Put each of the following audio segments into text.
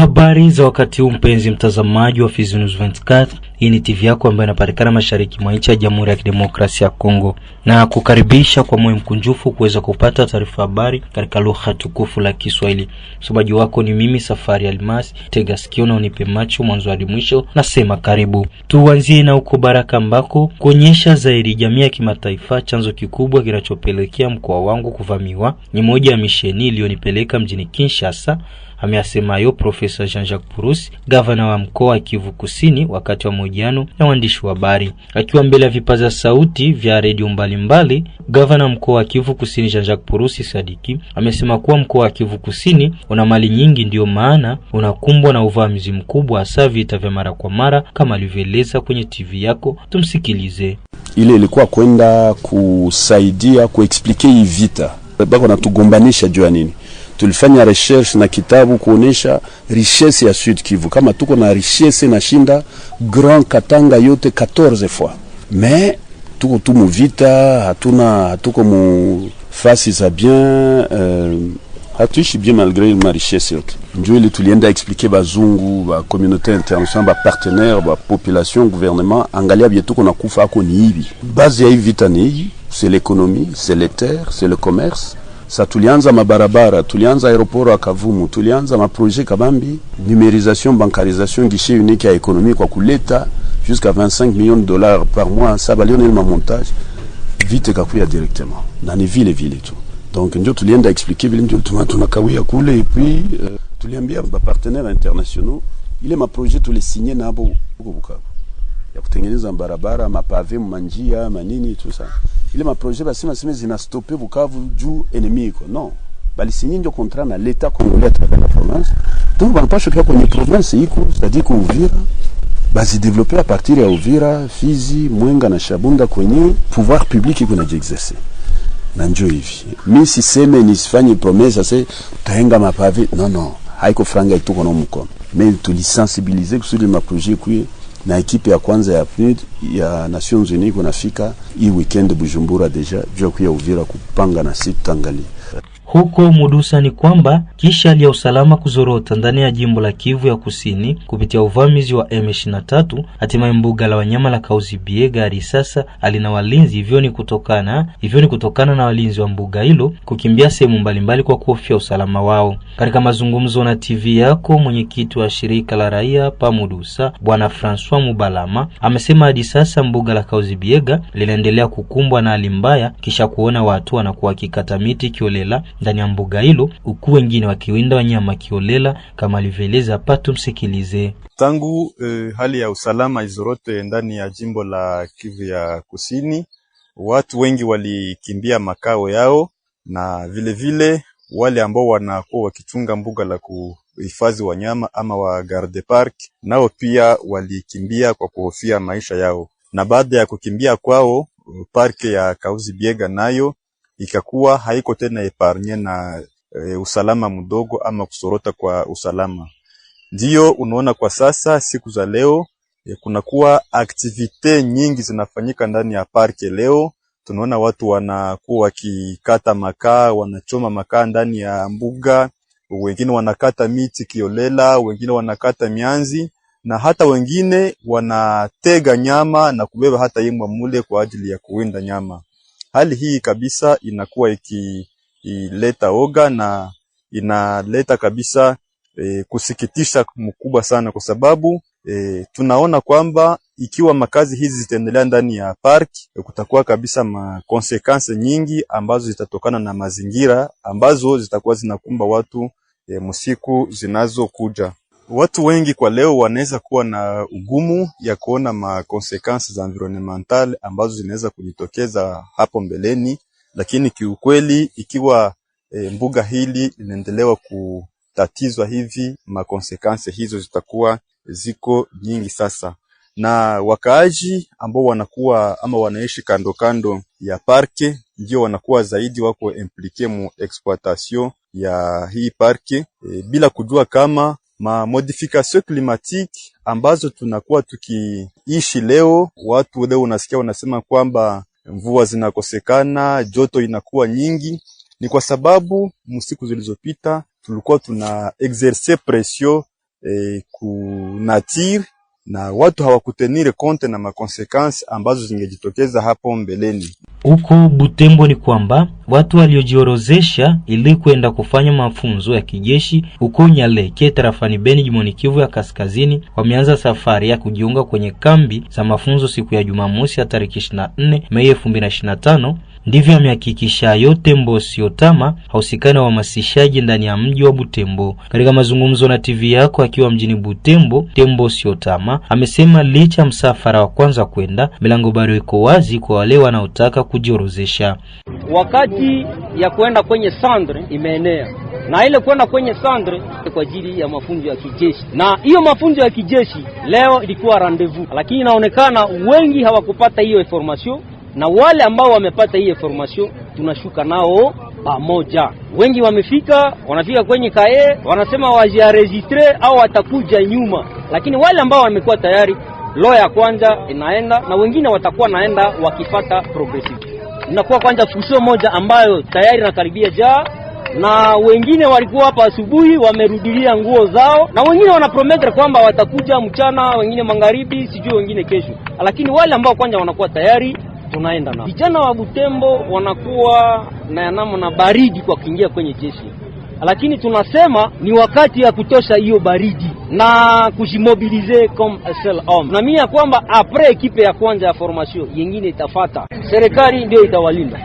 Habari za wakati huu mpenzi mtazamaji wa Fizi News 24. Hii ni TV yako ambayo inapatikana mashariki mwa nchi ya Jamhuri ya Kidemokrasia ya Kongo na kukaribisha kwa moyo mkunjufu kuweza kupata taarifa habari katika lugha tukufu la Kiswahili. Msomaji wako ni mimi Safari Almas. Tega sikio na unipe macho mwanzo hadi mwisho, nasema karibu. Tuanzie na huko Baraka ambako kuonyesha zaidi jamii ya kimataifa, chanzo kikubwa kinachopelekea mkoa wangu kuvamiwa ni moja ya misheni iliyonipeleka mjini Kinshasa ameasema hayo Profesa Jean-Jacques Purusi, gavana wa mkoa wa Kivu Kusini, wakati wa mahojiano na waandishi wa habari. Akiwa mbele ya vipaza sauti vya redio mbalimbali, gavana mkoa wa Kivu Kusini Jean-Jacques Purusi Sadiki amesema kuwa mkoa wa Kivu Kusini una mali nyingi, ndiyo maana unakumbwa na uvamizi mkubwa, hasa vita vya mara kwa mara, kama alivyoeleza kwenye TV yako. Tumsikilize. Ile ilikuwa kwenda kusaidia kuexplike hii vita bako natugombanisha juu ya nini tulifanya recherche na kitabu kuonesha richesse ya Sud Kivu, kama tuko na richesse na shinda Grand Katanga yote 14 fois, mais tuko tu muvita, hatuna hatuko mu fasi za bien uh, hatuishi bien malgre ma richesse yote, njo ile tulienda expliquer bazungu ba communauté internationale ba partenaire ba population gouvernement, angalia bie tuko na kufa ako ni hivi. Base ya hivi vita ni hii, c'est l'économie, c'est les terres, c'est le commerce Sa tulianza mabarabara, tulianza aeroporo akavumu Kavumu, tulianza maproje kabambi, numérisation, bancarisation, guichet unique à ekonomi kwa kuleta jusqu'à 25 millions de dollars par mois, sa balionelma montage vite kakuya directement na ni vile et tu donc ndio tulienda expliquer vile ndio tunakawia kule et puis euh, tuliambia ba partenaires internationaux ile maprojet tulisinye nabo huko Bukavu ya kutengeneza barabara mapave manjia manini tout ça. ile maproje basema sema zinastope Bukavu juu enemi iko non, bali sinyi ndio contrat na leta Congolais à travers la province, donc banapasha kuwa kwenye province iko c'est-à-dire ku Uvira bazi developer a partir ya Uvira, Fizi, Mwenga na Shabunda kwenye pouvoir public iko na jiexercer na njoo hivi. Mimi siseme nisifanye promesa se taenga mapave non non, haiko franga ituko na mkono, mais tulisensibiliser kusudi maproje kuye na ekipe ya kwanza ya PNUD ya Nations Unies kunafika hii weekend Bujumbura deja juu ya kuya Uvira kupanga na si tutaangalia huko Mudusa ni kwamba kisha hali ya usalama kuzorota ndani ya jimbo la Kivu ya Kusini kupitia uvamizi wa M23, hatimaye mbuga la wanyama la Kahuzi-Biega hadi sasa alina walinzi hivyo ni kutokana hivyo ni kutokana na walinzi wa mbuga hilo kukimbia sehemu mbalimbali kwa kuhofia usalama wao. Katika mazungumzo na TV yako, mwenyekiti wa shirika la raia pa Mudusa Bwana Francois Mubalama amesema hadi sasa mbuga la Kahuzi-Biega linaendelea kukumbwa na hali mbaya kisha kuona watu wanakuwa wakikata miti kiolela ndani ya mbuga hilo, huku wengine wakiwinda wanyama kiolela, kama alivyoeleza hapa. Tumsikilize. Tangu eh, hali ya usalama izorote ndani ya jimbo la Kivu ya Kusini, watu wengi walikimbia makao yao na vilevile vile, wale ambao wanakuwa wakichunga mbuga la kuhifadhi wanyama ama wa garde park nao pia walikimbia kwa kuhofia maisha yao, na baada ya kukimbia kwao eh, parke ya Kauzi Biega nayo ikakuwa haiko tena epargne na e, usalama mdogo ama kusorota kwa usalama. Ndiyo unaona kwa sasa siku za leo e, kunakuwa aktivite nyingi zinafanyika ndani ya parke. Leo tunaona watu wanakuwa wakikata makaa, wanachoma makaa ndani ya mbuga, wengine wanakata miti kiolela, wengine wanakata mianzi na hata wengine wanatega nyama na kubeba hata yemwa mule kwa ajili ya kuwinda nyama. Hali hii kabisa inakuwa ikileta oga na inaleta kabisa e, kusikitisha mkubwa sana kwa sababu e, tunaona kwamba ikiwa makazi hizi zitaendelea ndani ya park kutakuwa kabisa ma consequences nyingi ambazo zitatokana na mazingira ambazo zitakuwa zinakumba watu e, msiku zinazokuja. Watu wengi kwa leo wanaweza kuwa na ugumu ya kuona ma consequences environnementales ambazo zinaweza kujitokeza hapo mbeleni, lakini kiukweli ikiwa e, mbuga hili linaendelewa kutatizwa hivi, ma consequences hizo zitakuwa ziko nyingi sasa na wakaaji ambao wanakuwa ama wanaishi kando kando ya parke ndio wanakuwa zaidi wako implike mu exploitation ya hii parke e, bila kujua kama ma modification climatique ambazo tunakuwa tukiishi leo. Watu leo unasikia wanasema kwamba mvua zinakosekana, joto inakuwa nyingi, ni kwa sababu msiku zilizopita tulikuwa tuna exercer pression eh, ku nature na watu hawakutenire konte na makonsekansi ambazo zingejitokeza hapo mbeleni huko Butembo ni kwamba watu waliojiorozesha ili kwenda kufanya mafunzo ya kijeshi huko Nyaleke tarafani Beni jimoni Kivu ya Kaskazini wameanza safari ya kujiunga kwenye kambi za mafunzo siku ya Jumamosi ya tarehe 24 Mei 2025 Ndivyo amehakikisha Yotembo Siotama, hausikani na uhamasishaji ndani ya mji wa Butembo. Katika mazungumzo na TV yako akiwa mjini Butembo, Tembo Siotama amesema licha msafara wa kwanza kwenda, milango bado iko wazi kwa wale wanaotaka kujiorozesha. Wakati ya kwenda kwenye sandre imeenea na ile kwenda kwenye sandre kwa ajili ya mafunzo ya kijeshi, na hiyo mafunzo ya kijeshi leo ilikuwa rendezvous, lakini inaonekana wengi hawakupata hiyo information na wale ambao wamepata hii information tunashuka nao pamoja. Wengi wamefika, wanafika kwenye kae, wanasema wajiaregistre au watakuja nyuma, lakini wale ambao wamekuwa tayari lo ya kwanza inaenda na wengine watakuwa naenda wakifata progressive. Inakuwa kwanza fusio moja ambayo tayari nakaribia jaa na wengine walikuwa hapa asubuhi wamerudilia nguo zao, na wengine wanaprometre kwamba watakuja mchana, wengine magharibi, sijui wengine kesho, lakini wale ambao kwanza wanakuwa tayari tunaenda na vijana wa Butembo wanakuwa na yanamo na baridi kwa kuingia kwenye jeshi, lakini tunasema ni wakati ya kutosha hiyo baridi na kujimobilize comme seul homme, na mimi ya kwamba apres ekipe ya kwanza ya formation yengine itafata, serikali ndio itawalinda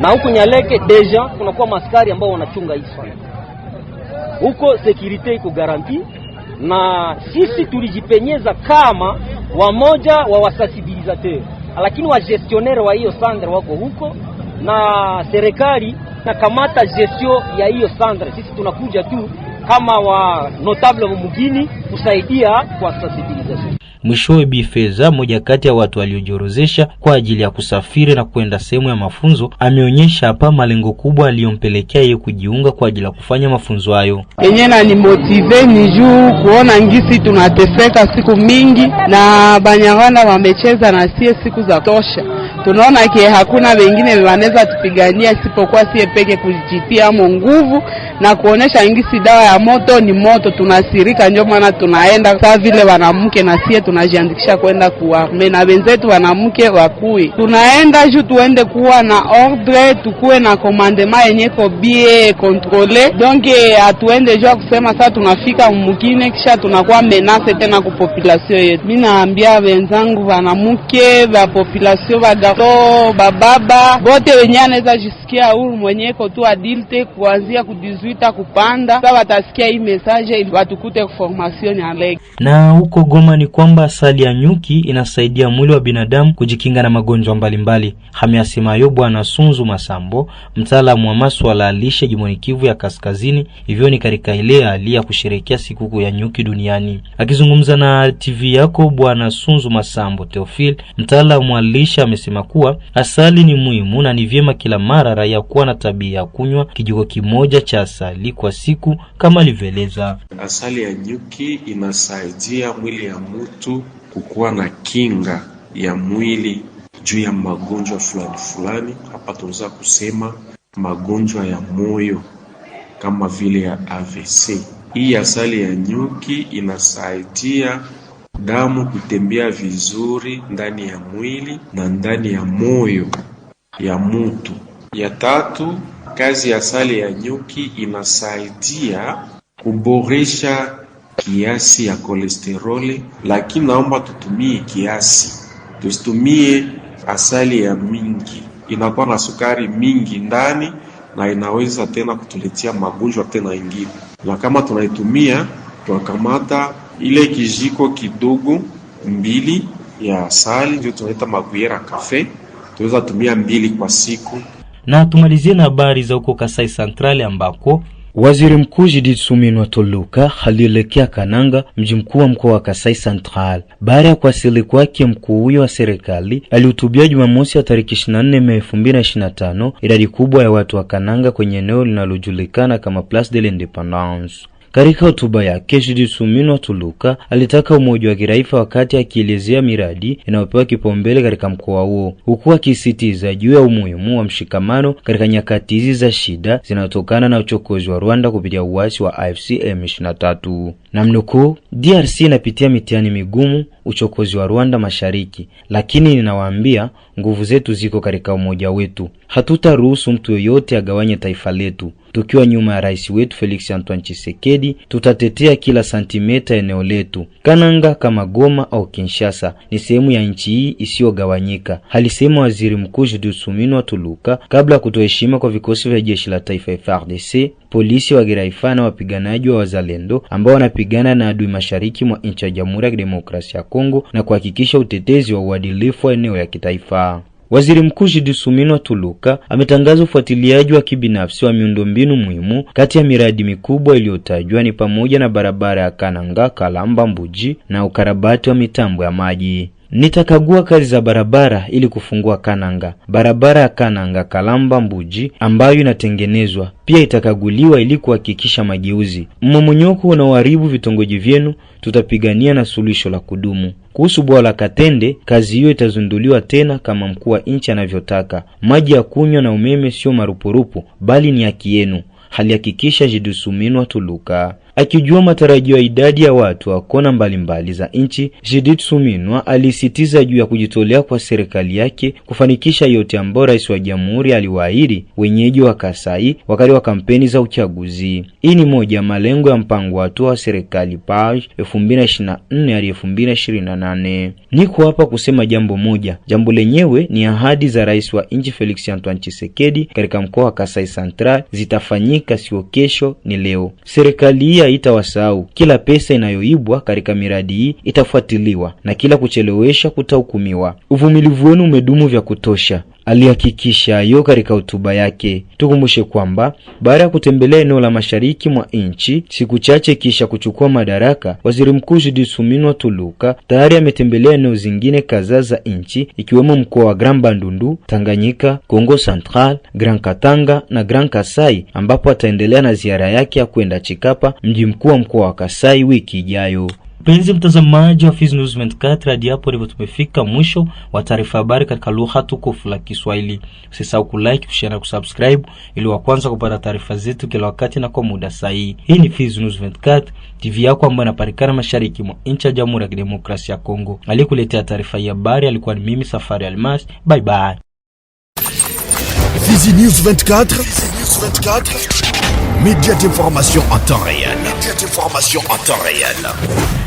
na huko Nyaleke deja kunakuwa maskari ambao wanachunga hivi huko, security iko garanti na sisi tulijipenyeza kama wamoja wa wasasibilizateur lakini wagestionnaire wa hiyo sandre wako huko na serikali na kamata gestion ya hiyo sandre. Sisi tunakuja tu kama wa notable wa mugini kusaidia kwa sensibilization. Mwishowe, Bi Feza, moja kati ya watu waliojorozesha kwa ajili ya kusafiri na kwenda sehemu ya mafunzo, ameonyesha hapa malengo kubwa aliyompelekea yeye kujiunga kwa ajili ya kufanya mafunzo hayo. Enye na ni motive ni juu kuona ngisi tunateseka siku mingi na Banyarwanda wamecheza na sie siku za tosha tunaona ke hakuna wengine wanaweza tupigania isipokuwa sie peke, kujitia mo nguvu na kuonesha ingisi dawa ya moto ni moto. Tunasirika, ndio maana tunaenda saa vile wanamke, na sie tunajiandikisha kwenda kuarme na wenzetu wanamke wakui, tunaenda juu tuende kuwa na ordre, tukuwe na commandement yenye ko bien controle. Donc hatuende jua kusema saa tunafika mukine, kisha tunakuwa menase tena ku population yetu. Mimi naambia wenzangu wanamke wa population wa so bababa bote wenyewe anaweza jisikia huru mwenyewe tu adilte kuanzia kudizuita kupanda. Sasa watasikia hii message watukute formation ya leg. Na huko Goma ni kwamba asali ya nyuki inasaidia mwili wa binadamu kujikinga na magonjwa mbalimbali. Hameasemayo Bwana Sunzu Masambo, mtaalamu wa maswala ya lishe jimboni Kivu ya Kaskazini, hivyo ni katika ile hali ya kusherehekea sikukuu ya nyuki duniani. Akizungumza na TV yako Bwana Sunzu Masambo Teofil, mtaalamu wa lishe amesema amesema kuwa asali ni muhimu na ni vyema kila mara raia kuwa na tabia ya kunywa kijiko kimoja cha asali kwa siku kama alivyoeleza. Asali ya nyuki inasaidia mwili ya mtu kukuwa na kinga ya mwili juu ya magonjwa fulani fulani. Hapa tunaweza kusema magonjwa ya moyo kama vile ya AVC. Hii asali ya nyuki inasaidia damu kutembea vizuri ndani ya mwili na ndani ya moyo ya mutu. Ya tatu, kazi ya asali ya nyuki inasaidia kuboresha kiasi ya kolesteroli, lakini naomba tutumie kiasi, tusitumie asali ya mingi, inakuwa na sukari mingi ndani na inaweza tena kutuletea magonjwa tena ingine, na kama tunaitumia tunakamata ile kijiko kidogo mbili ya asali ndio tunaita maguera kafe, tunaweza tumia mbili kwa siku. Na tumalizie na habari za huko Kasai Central ambako Waziri Mkuu Judith Suminwa Toluka alielekea Kananga, mji mkuu wa mkoa wa Kasai Central. Baada ya kuwasili kwake, mkuu huyo wa serikali alihutubia Jumamosi ya tarehe 24 Mei 2025 idadi kubwa ya watu wa Kananga kwenye eneo linalojulikana kama Place de l'Independance. Katika hotuba yake Shirisu Minwa Tuluka alitaka umoja wa kiraifa wakati akielezea miradi inayopewa kipaumbele katika mkoa huo, huku akisisitiza juu ya umuhimu wa mshikamano katika nyakati hizi za shida zinazotokana na uchokozi wa Rwanda kupitia uasi wa AFC M23. Namnukuu, DRC inapitia mitihani migumu, uchokozi wa Rwanda mashariki, lakini ninawaambia nguvu zetu ziko katika umoja wetu. Hatutaruhusu mtu yoyote agawanye taifa letu. Tukiwa nyuma ya rais wetu Felix Antoine chisekedi tutatetea kila santimeta eneo letu. Kananga kama Goma au Kinshasa ni sehemu ya nchi hii isiyogawanyika, alisema waziri mkuu Julius Suminwa Tuluka kabla ya kutoa heshima kwa vikosi vya jeshi la taifa FARDC, polisi wa Giraifa na wapiganaji wa wazalendo ambao wanapigana na adui mashariki mwa nchi ya Jamhuri ya Kidemokrasia ya Kongo na kuhakikisha utetezi wa uadilifu wa eneo ya kitaifa. Waziri Mkuu Jidusumino Tuluka ametangaza ufuatiliaji wa kibinafsi wa miundombinu muhimu. Kati ya miradi mikubwa iliyotajwa ni pamoja na barabara ya Kananga Kalamba Mbuji na ukarabati wa mitambo ya maji. Nitakagua kazi za barabara ili kufungua Kananga. Barabara ya Kananga Kalamba Mbuji ambayo inatengenezwa pia itakaguliwa ili kuhakikisha mageuzi. Mmomonyoko unaoharibu vitongoji vyenu tutapigania na suluhisho la kudumu. Kuhusu bwawa la Katende, kazi hiyo itazunduliwa tena kama mkuu wa nchi anavyotaka. Maji ya kunywa na umeme sio marupurupu, bali ni haki yenu. Halihakikisha jidusuminwa tuluka Akijua matarajio ya idadi ya watu wa kona mbalimbali za nchi, Judith Suminwa alisitiza juu ya kujitolea kwa serikali yake kufanikisha yote ambayo rais wa jamhuri aliwaahidi wenyeji wa Kasai wakati wa kampeni za uchaguzi. Hii ni moja ya malengo ya mpango wa hatua wa serikali PAJ 2024 hadi 2028. Niko hapa kusema jambo moja. Jambo lenyewe ni ahadi za rais wa nchi Felix Antoine Tshisekedi katika mkoa wa Kasai Central zitafanyika, sio kesho, ni leo. Serikali haitawasahau. Kila pesa inayoibwa katika miradi hii itafuatiliwa na kila kuchelewesha kutahukumiwa. Uvumilivu wenu umedumu vya kutosha alihakikisha hiyo katika hotuba yake. Tukumbushe kwamba baada ya kutembelea eneo la mashariki mwa nchi siku chache kisha kuchukua madaraka, waziri mkuu Julius Suminwa Tuluka tayari ametembelea eneo zingine kadhaa za nchi ikiwemo mkoa wa Grand Bandundu, Tanganyika, congo Central, Grand Katanga na Grand Kasai, ambapo ataendelea na ziara yake ya kwenda Chikapa, mji mkuu wa mkoa wa Kasai wiki ijayo. Mpenzi mtazamaji wa Fizi News 24, hadi hapo ndipo tumefika mwisho wa taarifa habari katika lugha tukufu la Kiswahili. Usisahau ku kulike, kushare na kusubscribe ili wa kwanza kupata taarifa zetu kila wakati na kwa muda sahihi. Hii ni Fizi News 24 TV yako ambayo inapatikana mashariki mwa nchi ya Jamhuri ya Kidemokrasia ya Kongo. Aliyekuletea taarifa hii habari alikuwa ni mimi Safari Almas. Bye bye. Fizi News 24, Fizi News 24. Média d'information en temps réel. Média d'information en temps réel.